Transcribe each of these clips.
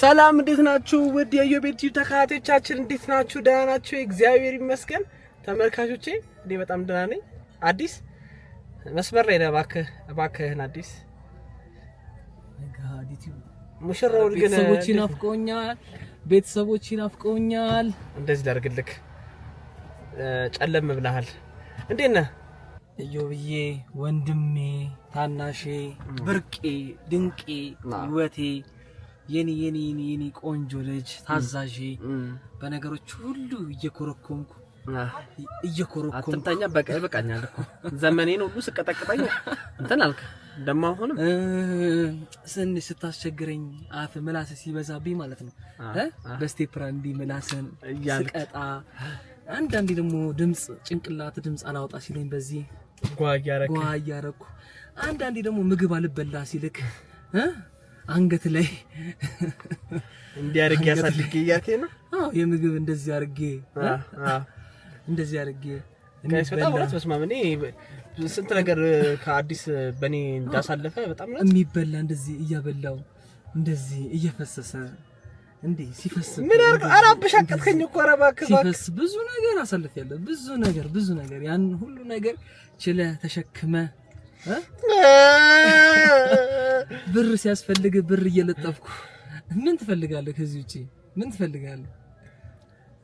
ሰላም እንዴት ናችሁ? ውድ የኢዮቤልቲ ተከታዮቻችን እንዴት ናችሁ? ደህና ናችሁ? እግዚአብሔር ይመስገን። ተመልካቾቼ እኔ በጣም ደህና ነኝ። አዲስ መስመር ላይ ነህ። እባክህ እባክህን አዲስ ሙሽራውን ግን ቤተሰቦች ይናፍቀውኛል፣ ቤተሰቦች ይናፍቀውኛል። እንደዚህ ላድርግልህ። ጨለም ብለሃል። እንዴት ነህ ኢዮብዬ? ወንድሜ፣ ታናሼ፣ ብርቄ፣ ድንቄ፣ ውበቴ የኔ የኔ የኔ ቆንጆ ልጅ ታዛዥ፣ በነገሮች ሁሉ እየኮረኮምኩ እየኮረኮምኩ አትምታኛ። በቃ ይበቃኛል እኮ ዘመኔን ሁሉ ስቀጠቅጠኝ እንትን አልክ። ደሞ አሁንም ስን ስታስቸግረኝ አፍ ምላስ ሲበዛብኝ ማለት ነው በስቴፕራ እንዲህ ምላስን ስቀጣ፣ አንዳንዴ ደግሞ ድምፅ ጭንቅላት ድምፅ አላወጣ ሲለኝ በዚህ ጓ እያረኩ አንዳንዴ ደግሞ ምግብ አልበላ ሲልክ አንገት ላይ እንዲያርግ ያሳድግ እያልከኝ ነው? አዎ የምግብ እንደዚህ አርጌ እንደዚህ አርጌ ጋይስ በጣም እውነት በስመ እኔ ስንት ነገር ከአዲስ በእኔ እንዳሳለፈ በጣም ነው የሚበላ እንደዚህ እያበላው እንደዚህ እየፈሰሰ እንዴ ሲፈስ ምን አርግ አራበሻቀጥከኝ እኮ ኧረ እባክህ ሲፈስ ብዙ ነገር አሳልፍ ያለ ብዙ ነገር ብዙ ነገር ያን ሁሉ ነገር ችለህ ተሸክመ ብር ሲያስፈልግ ብር እየለጠፍኩ ምን ትፈልጋለህ? ከዚህ ውጪ ምን ትፈልጋለህ?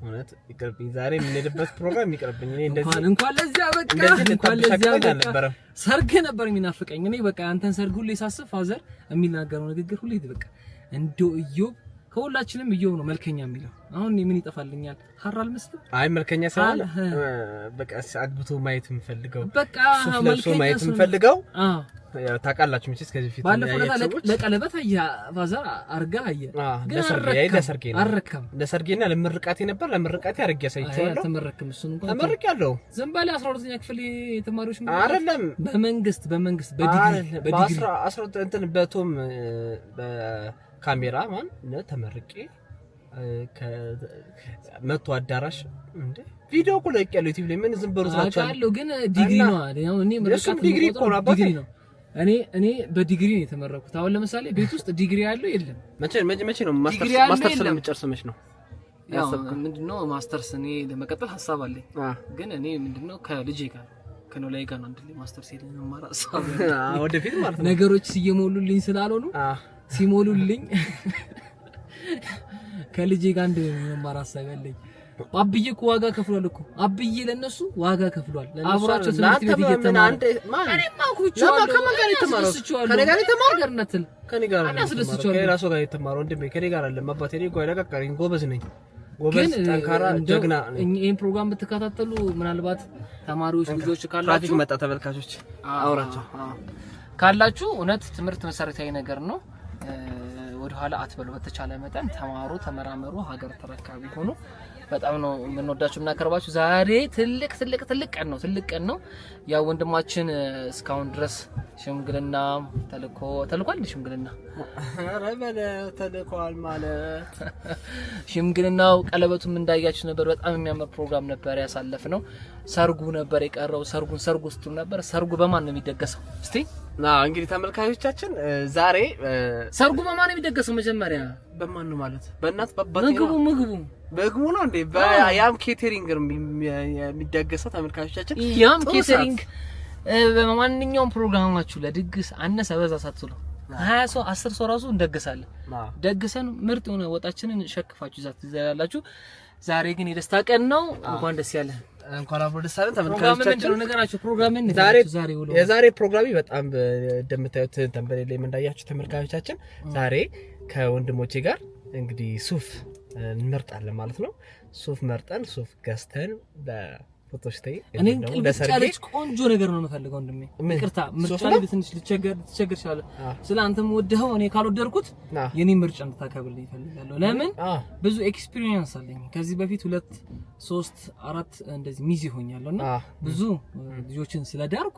እውነት ይቅርብኝ። ዛሬ የምንሄድበት ፕሮግራም ይቅርብኝ። እኔ እንደዚህ እንኳን ለዚያ በቃ እንኳን ለዚያ በቃ ሰርግ ነበር የሚናፍቀኝ። እኔ በቃ አንተን ሰርግ ሁሌ ሳስብ ፋዘር የሚናገረው ንግግር ሁሌ በቃ እንደው እዮብ ከሁላችንም እየው ነው መልከኛ የሚለው አሁን ምን ይጠፋልኛል? ሀራ አልመስልም። አይ መልከኛ ሳይሆን በቃ አግብቶ ማየት የምፈልገው በቃ መልሶ ማየት የምፈልገው ታውቃላችሁ መቼስ ከዚህ በፊት ባለፈው ለቀለበት አየህ ባዛ አድርገህ ለሰርጌ ግን አልረካም። ለሰርጌና ለምርቃቴ ነበር ለምርቃቴ አድርጌ አሳይቼዋለሁ። ተመረክም እሱን እንኳን ተመርቄያለሁ። ዝም ባለ 12ኛ ክፍል ተማሪዎች አይደለም በመንግስት በመንግስት በዲግሪ በዲግሪ 12 እንትን በቶም ካሜራማን ተመርቄ መቶ አዳራሽ እንደ ቪዲዮ እኮ ያለው ዩቲዩብ ላይ ምን ዝም በሩ ታቻለሁ። ግን ዲግሪ ነው አይደል? አሁን እኔ ምርቃት ዲግሪ እኮ ነው አባቴ ነው። እኔ እኔ በዲግሪ ነው የተመረኩት። አሁን ለምሳሌ ቤት ውስጥ ዲግሪ ያለው የለም። መቼ መቼ መቼ ነው ማስተር ማስተር ለምጨርሰው መቼ ነው? ያው ምንድነው ማስተርስ እኔ ለመቀጠል ሀሳብ አለኝ። ግን እኔ ምንድነው ከልጄ ጋር ከኖ ላይ ጋር ነው እንዴ ማስተርስ ሄደን ማራ ሀሳብ ወደፊት ማለት ነው ነገሮች እየሞሉልኝ ስላልሆኑ ሲሞሉልኝ ከልጄ ጋር አንድ መማር ሀሳብ ያለኝ አብዬ እኮ ዋጋ ከፍሏል እኮ አብዬ ለነሱ ዋጋ ከፍሏል። አብሯቸው ትምህርት ቤት እየተማረ እኔማ አውኩቸዋለሁ። ከማን ጋር የተማረው? ጋር የተማረው ከእኔ ጋር ከራሱ ጋር የተማረው ወንድሜ ከእኔ ጋር አለ። አባቴ እኔ እኮ አይለቀቀኝ። ጎበዝ ነኝ፣ ጎበዝ ጠንካራ፣ ጀግና ነኝ። ይሄን ፕሮግራም ብትከታተሉ ምናልባት ተማሪዎች ልጆች ካላችሁ መጣ፣ ተመልካቾች አውራቸው ካላችሁ እውነት ትምህርት መሰረታዊ ነገር ነው። ወደኋላ አትበሉ። በተቻለ መጠን ተማሩ፣ ተመራመሩ፣ ሀገር ተረካቢ ሆኑ። በጣም ነው የምንወዳችሁ የምናቀርባችሁ። ዛሬ ትልቅ ትልቅ ትልቅ ቀን ነው፣ ትልቅ ቀን ነው። ያው ወንድማችን እስካሁን ድረስ ሽምግልና ተልኮ ተልኳል። ሽምግልና ተልኳል ማለት ሽምግልናው፣ ቀለበቱም እንዳያችሁ ነበር። በጣም የሚያምር ፕሮግራም ነበር ያሳለፍ ነው። ሰርጉ ነበር የቀረው። ሰርጉን ሰርጉ ስትሉ ነበር። ሰርጉ በማን ነው የሚደገሰው? እስቲ ና እንግዲህ ተመልካቾቻችን ዛሬ ሰርጉ በማን የሚደገሰው? መጀመሪያ በማን ነው ማለት? በእናት በአባት ምግቡ ምግቡ ምግቡ ነው እንዴ? ያም ኬተሪንግ የሚደገሰው ተመልካቾቻችን፣ ያም ኬተሪንግ በማንኛውም ፕሮግራማችሁ ለድግስ አነሰ በዛ ሳትሉ ሀያ ሰው አስር ሰው ራሱ እንደግሳለን። ደግሰን ምርጥ የሆነ ወጣችንን ሸክፋችሁ ዛት ትዘላላችሁ። ዛሬ ግን የደስታ ቀን ነው። እንኳን ደስ ያለን። እንኳን አብሮ ደስ አለን ተመልካቾቻችን። የዛሬ ፕሮግራሚ በጣም እንደምታዩት ተንበሌ ላይ እንዳያችሁ ተመልካቾቻችን፣ ዛሬ ከወንድሞቼ ጋር እንግዲህ ሱፍ እንመርጣለን ማለት ነው። ሱፍ መርጠን ሱፍ ገዝተን ፎቶች ታይ እኔ ልብጫለች ቆንጆ ነገር ነው የምፈልገው። ወንድሜ ይቅርታ ምርጫ ላይ ትንሽ ልቸገር ልቸገር ይችላል። ስለ አንተም ወደኸው እኔ ካልወደድኩት የኔ ምርጫ እንድታከብርልኝ እፈልጋለሁ። ለምን ብዙ ኤክስፒሪየንስ አለኝ። ከዚህ በፊት ሁለት ሶስት አራት እንደዚህ ሚዜ ሆኛለሁና ብዙ ልጆችን ስለዳርኩ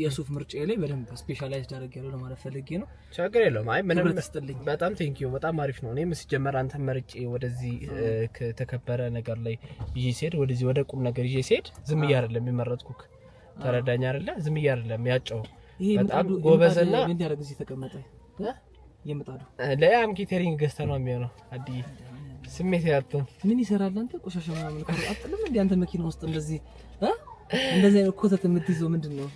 የሱፍ ምርጫ ላይ በደንብ ስፔሻላይዝድ ዳረግ ያለው ለማለት ፈልጌ ነው። ችግር የለውም። አይ ምንም ትስጥልኝ። በጣም ቴንክ ዩ። በጣም አሪፍ ነው። እኔም ሲጀመር አንተ መርጬ ወደዚህ ከተከበረ ነገር ላይ ይዤ ሲሄድ ወደዚህ ወደ ቁም ነገር ይዤ ሲሄድ ዝም እያ አይደለም የመረጥኩክ። ተረዳኝ አይደለ? ዝም እያ አይደለም ያጨው በጣም ጎበዝና ምን ያደርግ እዚህ ተቀመጠ ይምጣሉ ለያም ኬተሪንግ ገዝተህ ነው የሚሆነው አዲ ስሜት ያጥተን ምን ይሰራል አንተ ቆሻሻ ምናምን አጥልም እንዴ አንተ መኪና ውስጥ እንደዚህ እንደዚህ አይነት ኮተት የምትይዘው ምንድን ነው?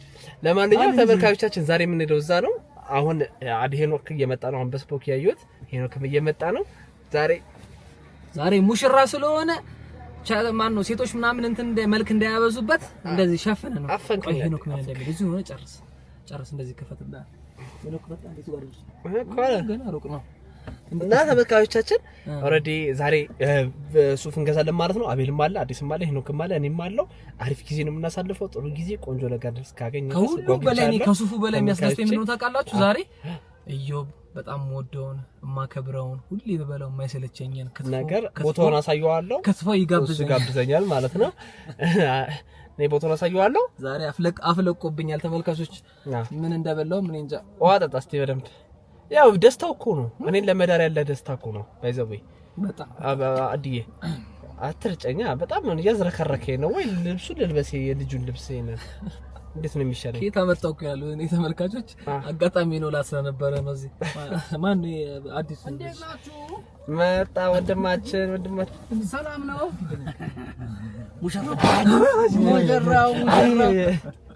ለማንኛውም ተመልካቾቻችን ዛሬ የምንሄደው እዛ ነው። አሁን አድ ሄኖክ እየመጣ ነው። አሁን በስፖክ ያየሁት ሄኖክም እየመጣ ነው። ዛሬ ዛሬ ሙሽራ ስለሆነ ማን ነው ሴቶች ምናምን እንትን እንደ መልክ እንዳያበዙበት እንደዚህ ሸፍነ ነው። አፈንቀኝ ሄኖክ ምን እንደሚል እዚህ ሆነ። ጨርስ ጨርስ፣ እንደዚህ ከፈትና ሄኖክ በጣም እንደዚህ ጋር ነው። ገና ሩቅ ነው እና ተመልካቾቻችን ኦልሬዲ ዛሬ ሱፍ እንገዛለን ማለት ነው። አቤልም አለ፣ አዲስም አለ፣ ሄኖክም አለ፣ እኔም አለው። አሪፍ ጊዜ ነው የምናሳልፈው። ጥሩ ጊዜ፣ ቆንጆ ነገር እስካገኘ ከሁሉ በላይ ከሱፉ በላይ የሚያስደስተኝ የምንሆ ታውቃላችሁ፣ ዛሬ እዮብ በጣም ወደውን የማከብረውን ሁሌ በበላው የማይሰለቸኝን ነገር ቦታውን አሳየዋለሁ። ክትፎ ይጋብዘኛል ማለት ነው። እኔ ቦታውን አሳየዋለሁ። ዛሬ አፍለቆብኛል። ተመልካቾች ምን እንደበላው ምን እንጃ። ውሃ ጠጣ እስኪ በደንብ ያው ደስታው እኮ ነው። እኔን ለመዳር ያለ ደስታ እኮ ነው። ባይዘዌ በጣም አድዬ አትርጨኛ። በጣም ነው እያዝረከረከኝ ነው። ወይ ልብሱ ልልበሴ የልጁን ልብስ ነው እንዴት ነው የሚሻለው? ከየት አመጣው እኮ ያለው እኔ ተመልካቾች አጋጣሚ ነው ላስለነበረ ነው። እዚህ ማን አዲስ መጣ ወንድማችን፣ ወንድማችን ሰላም ነው ሙሽራው ሙሽራው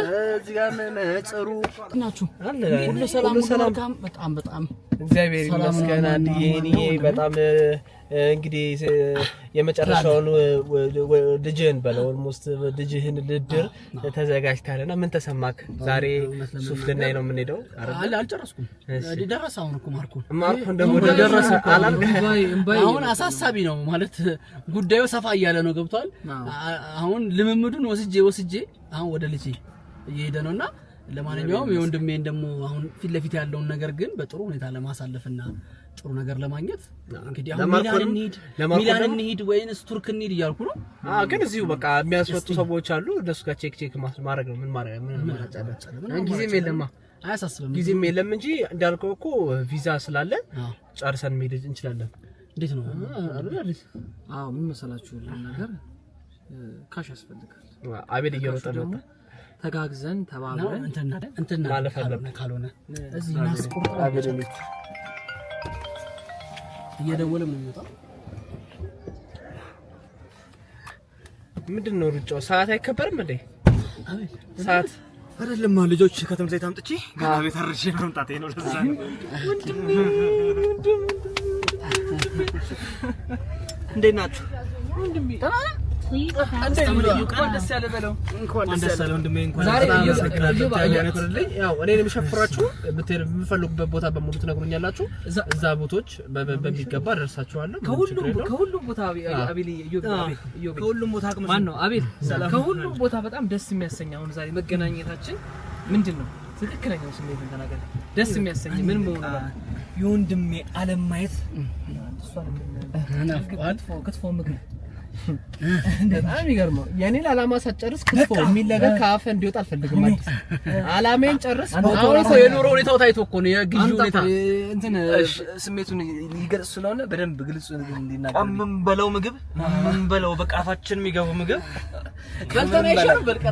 እዚህ ጋር ነጽሩ ናችሁ። ሁሉ ሰላም፣ ሰላም። በጣም በጣም እግዚአብሔር ይመስገን። አንድዬ በጣም እንግዲህ የመጨረሻውን ልጅህን በለው ኦልሞስት ልጅህን ልድር ተዘጋጅታለና ምን ተሰማክ? ዛሬ ሱፍ ልናይ ነው የምንሄደው። አልጨረስኩም። ደረሰ። አሁን እኮ ማርኮን ማርኮን ደግሞ ደረሰ። አሁን አሳሳቢ ነው ማለት ጉዳዩ ሰፋ እያለ ነው። ገብቷል። አሁን ልምምዱን ወስጄ ወስጄ አሁን ወደ ልጅ እየሄደ ነው እና ለማንኛውም የወንድሜን ደግሞ አሁን ፊት ለፊት ያለውን ነገር ግን በጥሩ ሁኔታ ለማሳለፍና ጥሩ ነገር ለማግኘት እንግዲህ አሁን ሚላን እንሂድ ሚላን እንሂድ ወይንስ ቱርክ እንሂድ እያልኩ ነው። ግን እዚሁ በቃ የሚያስፈቱ ሰዎች አሉ። እነሱ ጋር ቼክ ቼክ ማድረግ ነው። ምን ማድረግ ምን ጊዜም የለማ አያሳስብም። ጊዜም የለም እንጂ እንዳልከው እኮ ቪዛ ስላለ ጨርሰን መሄድ እንችላለን። እንዴት ነው? አዎ ምን መሰላችሁ ነገር ካሽ ያስፈልጋል። አቤል እየሮጠ ነው ተጋግዘን ተባብረን ካልሆነ እየደወለ ምንድን ነው ሩጫው? ሰዓት አይከበርም እንዴ? ሰዓት አይደለም ልጆች ከትምህርት ቤት አምጥቼ ገና ቤት አርሼ መምጣቴ ነው። ለዛ ነው እንዴት ናችሁ? ደስ ያለ ቦታ በሙሉ ትነግሩኛላችሁ። እዛ ቦታዎች በሚገባ ቦታ ከሁሉም ቦታ በጣም ደስ የሚያሰኝ አሁን ዛሬ መገናኘታችን ምንድን ነው ትክክለኛው ስሜት ተናገር። ደስ የሚያሰኝ ምን መሆኑ የወንድሜ አለም ማየት ክትፎ ምግብ በጣም የኔን አላማ ሳትጨርስ ክትፎ ከአፈ እንዲወጣ አልፈልግም። አላማዬን ጨርስ። አሁን እኮ የኑሮ ሁኔታው ታይቶ እኮ ነው የግዢ ሁኔታ እንትን ስሜቱን ስለሆነ በደንብ ግልጽ እንዲናገር ምን በለው ምግብ ምን በለው በቃ አፋችን የሚገቡ ምግብ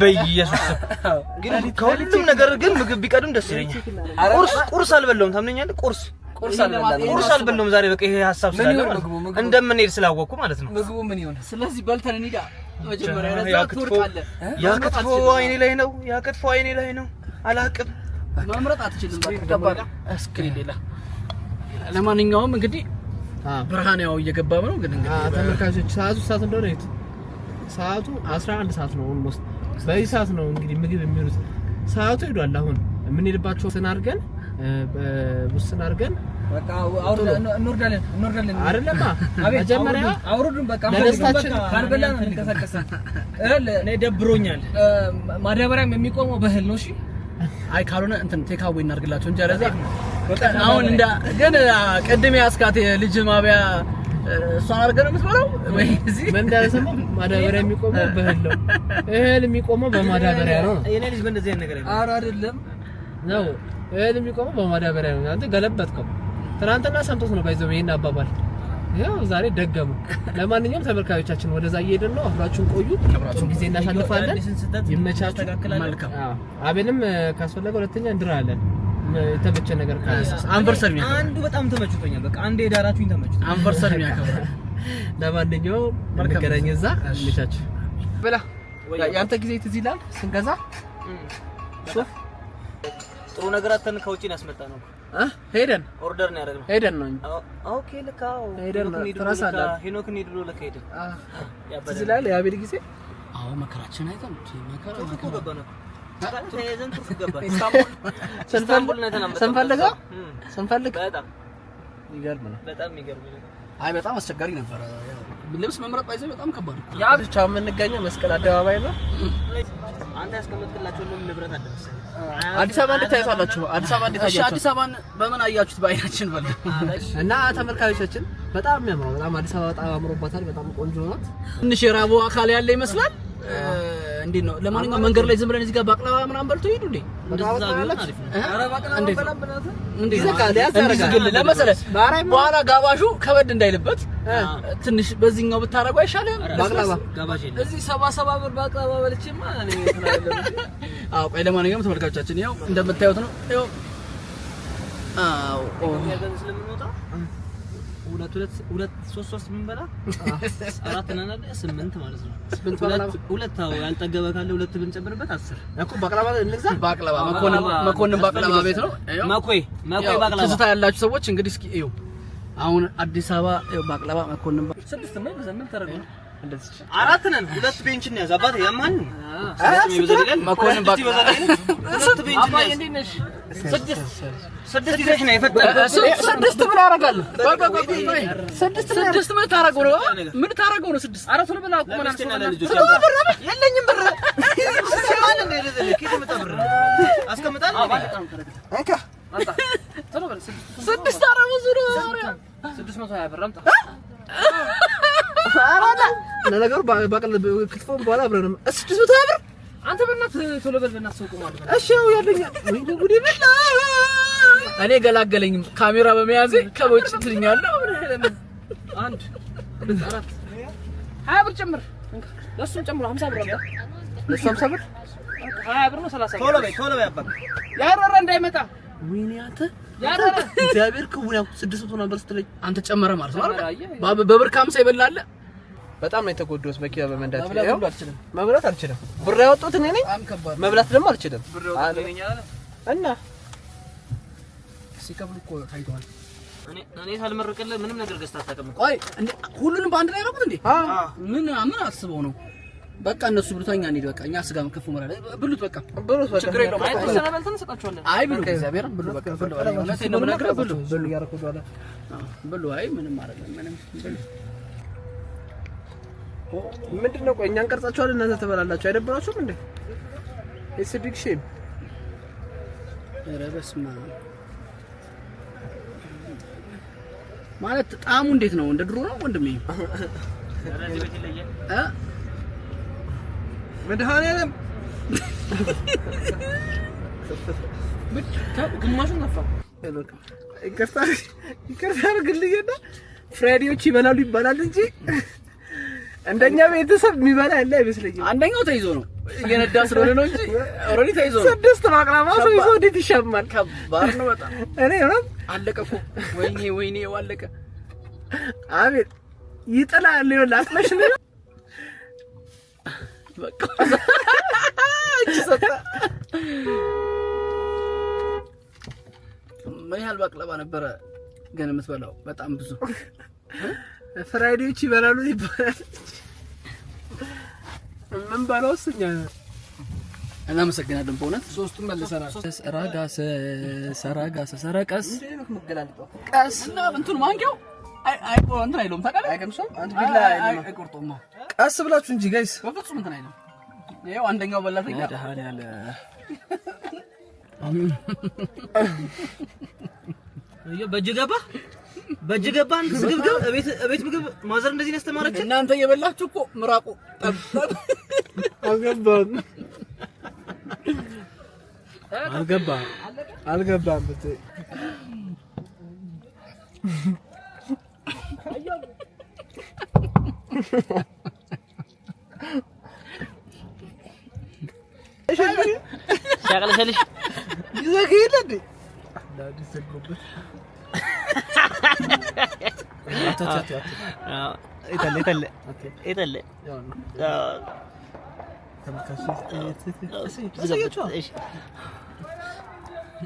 በኢየሱስ ግን ከሁሉም ነገር ግን ምግብ ቢቀድም ደስ ይለኛል። ቁርስ ቁርስ አልበለውም። ታምነኛለህ ቁርስ ቁርስ አልበላሁም ዛሬ። በቃ ይሄ ሀሳብ ስላለ እንደምንሄድ ስላወቅኩ ማለት ነው። ምግቡ ምን ይሆን? ስለዚህ በልተን እንሂዳ። መጀመሪያ ያ ክትፎ አይኔ ላይ ነው። ያ ክትፎ አይኔ ላይ ነው። አላቅም፣ መምረጥ አትችልም። እስክሪን ሌላ። ለማንኛውም እንግዲህ ብርሃን ያው እየገባ ነው። ግን እንግዲህ ተመልካቾች ሰዓቱ ሰዓት እንደሆነ እዩት። ሰዓቱ 11 ሰዓት ነው ኦልሞስት። በዚህ ሰዓት ነው እንግዲህ ምግብ የሚሉት ሰዓቱ ሄዷል። አሁን የምንሄድባቸው ስናድርገን ውስን አድርገን ደብሮኛል። ማዳበሪያም የሚቆመው በእህል ነው። እሺ አይ ካልሆነ እንትን እናድርግላቸው እንጂ አሁን እንደ ግን ቅድም ያስካት የልጅ ማብያ አድርገን ነው የምትበላው ማዳበሪያ የሚቆመው በእህል ነው፣ እህል የሚቆመው በማዳበሪያ ነው። ልጅ በእንደዚህ ነገር አይደለም ነው እህል የሚቆመው በማዳበሪያ ነው። አንተ ገለበጥከው። ትናንትና ሰምቶት ነው ባይዘው ይሄን አባባል ያው ዛሬ ደገሙ። ለማንኛውም ተመልካዮቻችን ወደዛ እየሄድን ነው። አብራችሁን ቆዩ። አብራችሁን ጊዜ እናሳልፋለን። ይመቻችሁ። መልካም አቤልም ካስፈለገ ሁለተኛ እንድራለን። የተመቸ ነገር ካለ አንቨርሰሪ ነው። አንዱ በጣም ተመችቶኛል። በቃ አንዴ ዳራችሁኝ ተመችቶ አንቨርሰሪ ነው ያከብራል። ለማንኛውም እንገናኝ እዛ። ይመቻችሁ። በላ ያንተ ጊዜ ትዝ ይላል ስንገዛ ሱፍ ጥሩ ነገር አተን ከውጪ ነው ያስመጣነው እ ሄደን ኦርደር ነው ያደረግነው ሄደን ነው ኦኬ ልካ ሄደን ነው ትረሳለህ። ሄኖክ ነው ብሎ ልካ ሄደን ትዝ ይላል የአቤል ጊዜ አዎ መከራችን አይተም መከራ መከራ ገባነው ተያይዘን ቱርክ ገባን። ስንፈልግ ስንፈልግ ስንፈልግ በጣም ይገርም ነው። በጣም ይገርም አይ በጣም አስቸጋሪ ነበር። ልብስ መምረጥ ባይዘ በጣም ከባድ ነው። ያ ብቻ የምንገኘው መስቀል አደባባይ ነው። አንተ ያስቀመጥክላቸው ንብረት አደረሰ አዲስ አበባ እንዴት ታያላችሁ? አዲስ አበባ እንዴት ታያችሁ? አዲስ አበባን በምን አያችሁት? በአይናችን በል እና ተመልካዮቻችን በጣም የሚያምረው በጣም አዲስ አበባ በጣም አምሮባታል። በጣም ቆንጆ ናት። ትንሽ የራበው አካል ያለ ይመስላል እንዴት ነው? ለማንኛውም መንገድ ላይ ዝም ብለን እዚህ ጋር ባቅላባ ምናምን በልቶ ይሄዱ እንዴ? በኋላ ጋባሹ ከበድ እንዳይልበት ትንሽ በዚህኛው ብታረጉ አይሻልም? ባቅላባ እዚህ ሰባ ሰባ ብር ባቅላባ በልቼማ። አዎ፣ ቆይ ለማንኛውም ተመልካቾቻችን ያው እንደምታዩት ነው። ያው አዎ ሁለት ሁለት ሁለት ሶስት ሶስት በላ አራት እናናለ ስምንት ማለት ነው። ስምንት ሁለት አዎ፣ ያልጠገበ ካለ ሁለት ብንጨምርበት አስር እኮ። ባቅላባ እንግዛ። ባቅላባ መኮንን መኮንን ባቅላባ ቤት ነው። መኮይ መኮይ ባቅላባ ትዝታ ያላችሁ ሰዎች እንግዲህ እስኪ እዩ። አሁን አዲስ አበባ ባቅላባ መኮንን ስድስት ነው። በዘመን ተረገ አራት ነን። ሁለት ቤንች እንያዝ። አባቴ ያማል መኮንን በቃ ቤንች ስድስት ነው ስድስት ምን አደርጋለሁ? ስድስት ምን ታደርገው ነው? ምን ታደርገው ነው? ስድስት አራት ነው ብላ ቁመና የለኝም ብር ስድስት አረ ብዙ ነው። ስድስት መቶ ሀያ ብር አምጣ ነገሩ ክትፎ በኋላ አብረን ስድስት መቶ ብር አንተ በእናትህ ቶሎ በል በእናትህ ሰው ቆሟል። እሺ እኔ ገላገለኝም ካሜራ በመያዝ ከውጭ ትልኛለህ። አንድ አራት ሀያ ብር ጨምር፣ ለእሱም ጨምሮ ሀምሳ ብር ለእሱ ሀምሳ ብር ሀያ ብር ነው ሰላሳ ብር ቶሎ በይ ቶሎ በይ አባት እንዳይመጣ ወይኔ አንተ እግዚአብሔር ክውን ያው ስድስት መቶ ነበር ስትለኝ አንተ ጨመረ ማለት ነው አይደል? በብር ከሀምሳ ይበላል። በጣም ነው የተጎዳሁት መኪና በመንዳት መብላት አልችልም። ብር ያወጡት እኔ ነኝ፣ መብላት ደግሞ አልችልም። እና ሲከፍሉ እኮ ታይተዋል። እኔ ሳልመርቅልህ ምንም ነገር ገዝተህ አታውቅም። ቆይ ሁሉንም በአንድ ላይ ያደረጉት እንዴ? ምን ምን አስበው ነው በቃ እነሱ ብሉት እኛ እንሂድ። በቃ እኛ ስጋ ክፉ መራለ ብሉት። በቃ ብሉት። ችግር የለውም። አይ ብሉ፣ እግዚአብሔርን በቃ ነው አይ ምንም አይደለም፣ ምንም ምንድን ነው? ቆይ እኛን ቀርጻችኋል፣ እናንተ ትበላላችሁ። አይደብራችሁም እንዴ? ኢትስ ቢግ ሼም። ኧረ በስመ አብ ማለት ጣዕሙ እንዴት ነው? እንደ ድሮ ነው ወንድሜ መድኃኒዓለም ግማሹን ጠፋ። ይቅርታ አድርግልኝና ፍራይዴዎች ይበላሉ ይባላል እንጂ እንደኛ ቤተሰብ የሚበላ ያለ አይመስለኝም። አንደኛው ተይዞ ነው እየነዳ ስለሆነ ነው እንጂ ኦልሬዲ ተይዞ ነው። ስድስት ማቅራባ ሰው ይዞ እንዴት ይሻማል? ከባድ ነው በጣም። እኔ እውነት አለቀ እኮ ወይኔ ወይኔ፣ አለቀ። አቤት ይጥላል። ይኸውልህ አጥመሽ ነው ምን ያህል ባቅለባ ነበረ ግን የምትበላው? በጣም ብዙ ፍራይዴዎች ይበላሉ ይባላል። ምን በላው እኛ እናመሰግናለን በእውነት ሶስቱም መልሰናል። ሰራጋሰ ሰራጋሰ ሰረቀስ ቀስ እና እንትኑ ማንኪያው አይ አይ እንትን አይለውም ታውቃለህ። አስብላችሁ እንጂ ጋይስ፣ በፍጹም እንትን አይደለም። ይሄው አንደኛው በላተኛ ያለ በእጅ ገባ በእጅ ገባ። አንድ ስግብግብ እቤት ምግብ ማዘር እንደዚህ ነው ያስተማረችን። እናንተ የበላችሁ እኮ ምራቁ ጠብጠብ አልገባም አልገባም አልገባም ብትይ شغله شلش جزاك يدني لا تسكب يطلع يطلع يطلع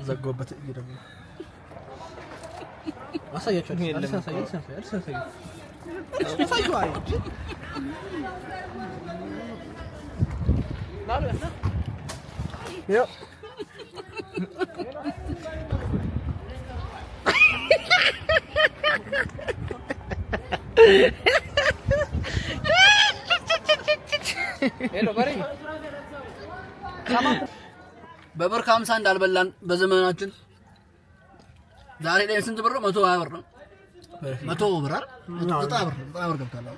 زقوبة تأجيل أصيح شوي Yep. በብር ከሀምሳ እንዳልበላን በዘመናችን ዛሬ ላይ ስንት ብር? መቶ ሀያ ብር ነው። መቶ ብር ብር ገብታለሁ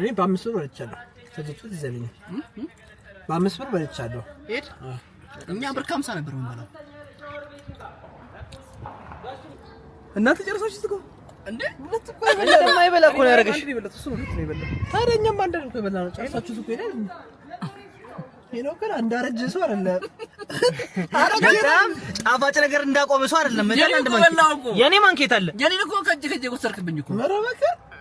እኔ በአምስት ብር ይቻላል በአምስት ብር በልቻለሁ። ሂድ እኛ ብር ከሀምሳ ነበር የምንበላው። እናንተ ጨርሶች እንዴ ነው ታዲያ እኛም ነው። ጨርሳችሁ እኮ እንዳረጀ ሰው አይደለም። ጣፋጭ ነገር እንዳቆመ ሰው አይደለም። የኔ ማንኬት አለ። የኔን እኮ ከእጅ ከእጅ ወሰድክብኝ እኮ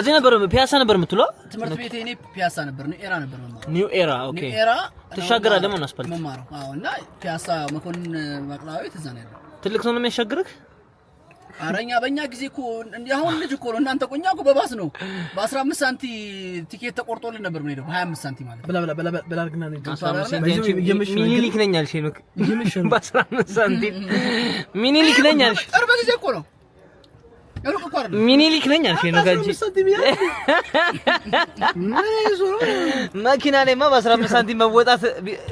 እዚህ ነበር ፒያሳ ነበር የምትውለው? ትምህርት ቤት እኔ ፒያሳ ነበር፣ ኒው ኤራ ነበር መማረው። ኒው ኤራ ኦኬ። አዎ። እና ፒያሳ መኮንን ባቅላዊ እዛ ነው ያለው። ትልቅ ሰው ነው የሚያሻግርህ? ኧረ እኛ በእኛ ጊዜ እኮ አሁን ልጅ እኮ ነው እናንተ። ቆኛ እኮ በባስ ነው በአስራ አምስት ሳንቲ ቲኬት ተቆርጦልን ነበር የምንሄደው። በሀያ አምስት ሳንቲ ማለት ሚኒሊክ ነኝ አልሽኝ። በአስራ አምስት ሳንቲ ሚኒሊክ ነኝ አልሽኝ። ቅርብ ጊዜ እኮ ነው ሚኒሊክ ነኝ አልከኝ ነው ጋጂ መኪና ላይማ በአስራ አምስት ሳንቲም መወጣት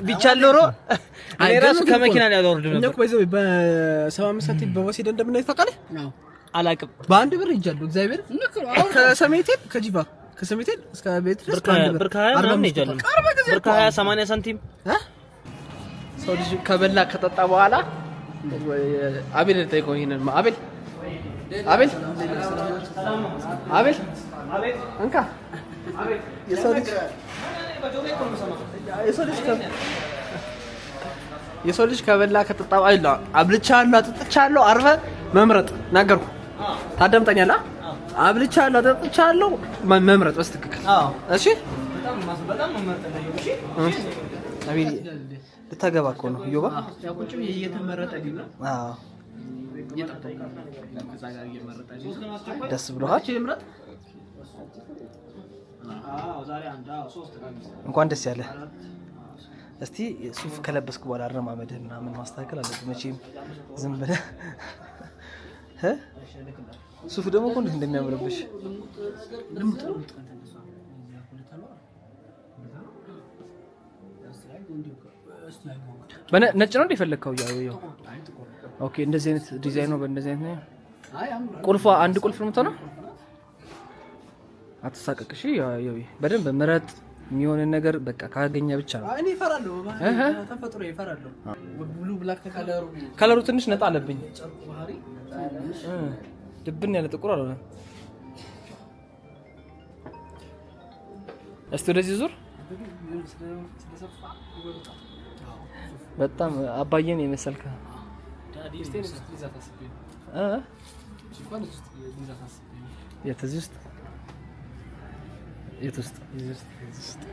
ቢቻል ኖሮ እኔ ራሱ ከመኪና ላይ አልወርድም ነበር እኮ በዚህ ሳንቲም በወሲድ እንደምናይ ታውቃለህ አላውቅም በአንድ ብር ሄጃለሁ እግዚአብሔር ከሰሜቴ ከጂባ ከሰሜቴ እስከ ቤት ድረስ ብር ከሀያ ምናምን ሄጃለሁ ብር ከሀያ ሰማንያ ሳንቲም ሰው ልጅ ከበላ ከጠጣ በኋላ አቤል ጠይቀው ይሄንን አቤል አቤል አቤል እንካ የሰው ልጅ ከበላ ከጠጣ አብልቻ አብልቻለሁ፣ አጠጥቻለሁ፣ አርፈ መምረጥ ነገርኩ። ታዳምጠኛለህ? አብልቻለሁ፣ አጠጥቻለሁ፣ መምረጥ በስትክክል እሺ። ልታገባ እኮ ነው ደስ ብሎሃል? እንኳን ደስ ያለህ። እስቲ ሱፍ ከለበስኩ በኋላ አረማመድህ ምናምን ማስተካከል አለብህ። መቼም ዝም ብለህ ሱፍ ደግሞ እኮ እንዴት እንደሚያምርብሽ ነጭ ነው እንደ የፈለግከው ኦኬ እንደዚህ አይነት ዲዛይን ነው። በእንደዚህ አይነት ነው። ቁልፏ አንድ ቁልፍ ነው የምትሆነው። አትሳቀቅ እሺ። በደንብ ምረጥ የሚሆንን ነገር በቃ ካገኘ ብቻ ነው። እኔ እፈራለሁ፣ ተፈጥሮ እፈራለሁ። ብሉ ብላክ ከለሩ ከለሩ ትንሽ ነጣ አለብኝ። ድብን ያለ ጥቁር አለ። እስቲ ወደዚህ ዙር። በጣም አባየን የመሰልከ የት ውስጥ የት ውስጥ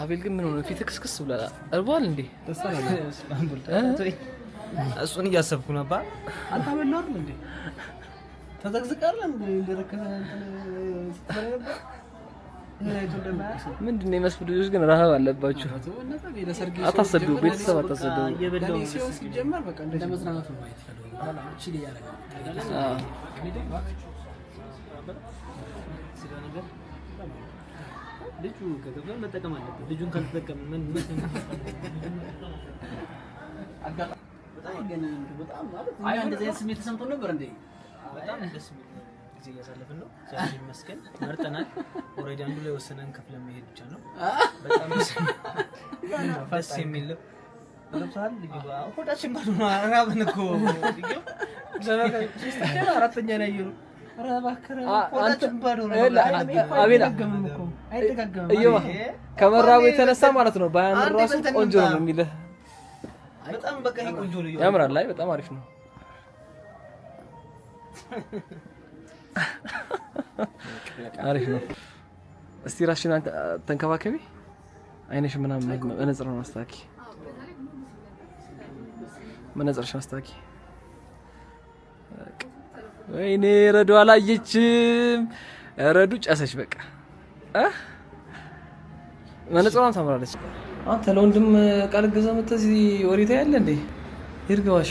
አቤል ግን ምን ሆነ? ፊት ክስክስ ብሏል። እርቧል እንዴ? እሱን እያሰብኩ ነበር። አታበላሁትም እንዴ? ተዘግዝቃለን ምንድን ነው የመስፍን ልጆች ግን ረሀብ አለባችሁ። አታሰዱ፣ ቤተሰብ አታሰዱ። በጣም ማለት እንደዚህ ስሜት ተሰምቶ ነበር እንዴ? ጊዜ እያሳለፍን ነው። እግዚአብሔር ይመስገን መርጠናል። ኦልሬዲ አንዱ ላይ ወሰነን ከፍለ መሄድ ብቻ ነው። በጣም ፈስ የሚል ሆዳችን ባዶ ነው። ራበን እኮ አራተኛ ላይ አየሩ ከመራቡ የተነሳ ማለት ነው። ባያምር ራሱ ቆንጆ ነው የሚልህ ያምራል። ላይ በጣም አሪፍ ነው። አሪፍ ነው። እስቲ ራስሽን ተንከባከቢ። አይነሽ ምናምን መነጽር ነው አስታኪ፣ መነጽርሽን አስታኪ። ወይኔ ረዱ አላየችም። ረዱ ጨሰች። በቃ መነጽሯን ታምራለች። አንተ ለወንድም ቃል ገዛ መተህ ወሬታ ያለ እንዴ ይርገዋሽ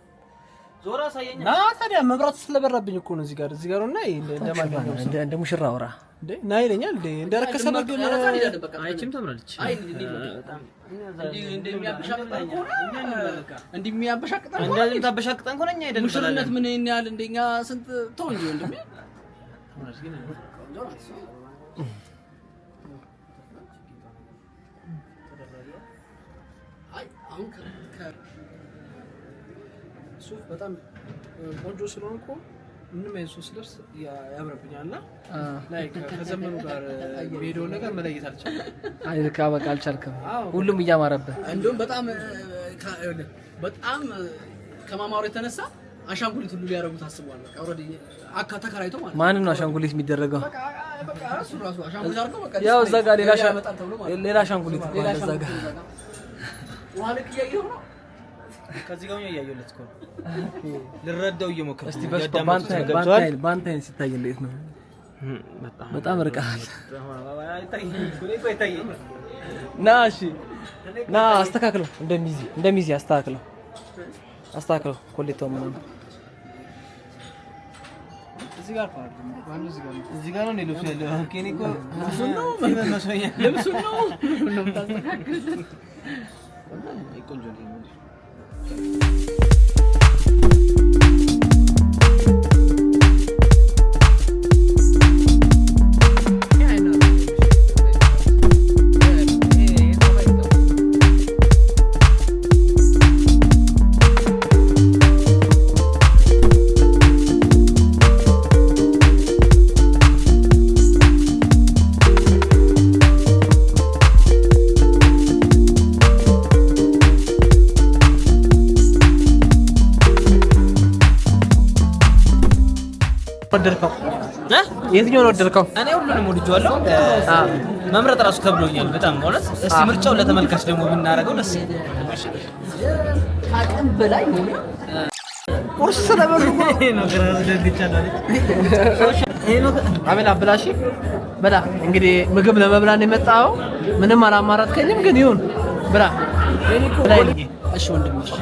ዞራ ሳየኝ ና ታዲያ መብራቱ ስለበራብኝ እኮ ነው። እዚህ ጋር እዚህ ጋር እና እንደ ሙሽራ አውራ ና ይለኛል። እንደ ረከሰ እንደሚያበሻቅጠን ከሆነ እኛ ሄደን ሙሽርነት ምን ያህል እንደኛ ስንት ተው እንጂ ወንድሜ አሁን ሱፍ በጣም ቆንጆ ስለሆንኩ ምንም አይነት ሱፍ ስለብስ ከዘመኑ ጋር ነገር መለየት አልቻልኩም። በቃ አልቻልክም። ሁሉም እያማረብህ እንዲሁም በጣም በጣም ከማማሩ የተነሳ አሻንጉሊት ሁሉ ሊያደርጉት አስቧል። በቃ ኦልሬዲ አካ ተከራይቶ ማለት ማንን ነው አሻንጉሊት የሚደረገው? ያው እዛ ጋር ሌላ አሻንጉሊት ሌላ አሻንጉሊት ከዚህ ጋር እያየሁለት እኮ ልረዳው እየሞከርኩ እስቲ ባንታይን ሲታይ እንዴት ነው? በጣም ርቀሃል። ና እሺ፣ ና አስተካክለው፣ እንደሚዚ እንደሚዚ አስተካክለው፣ አስተካክለው ኮሌታው ምናምን እዚህ ጋር ነው ልብሱ ያለው። ልብሱ ነው Música ወደድከው? የትኛውን ወደድከው? እኔ ሁሉንም ወድጄዋለሁ። መምረጥ እራሱ ከብሎኛል በጣም በእውነት። እስቲ ምርጫው ለተመልካች ደግሞ ብናደርገው ደስ አቅም በላይ ቁርስ ስለበሉ አቤላ ብላ። እሺ ብላ። እንግዲህ ምግብ ለመብላን የመጣው ምንም አላማራትከኝም፣ ግን ይሁን ብላ። እሺ ወንድም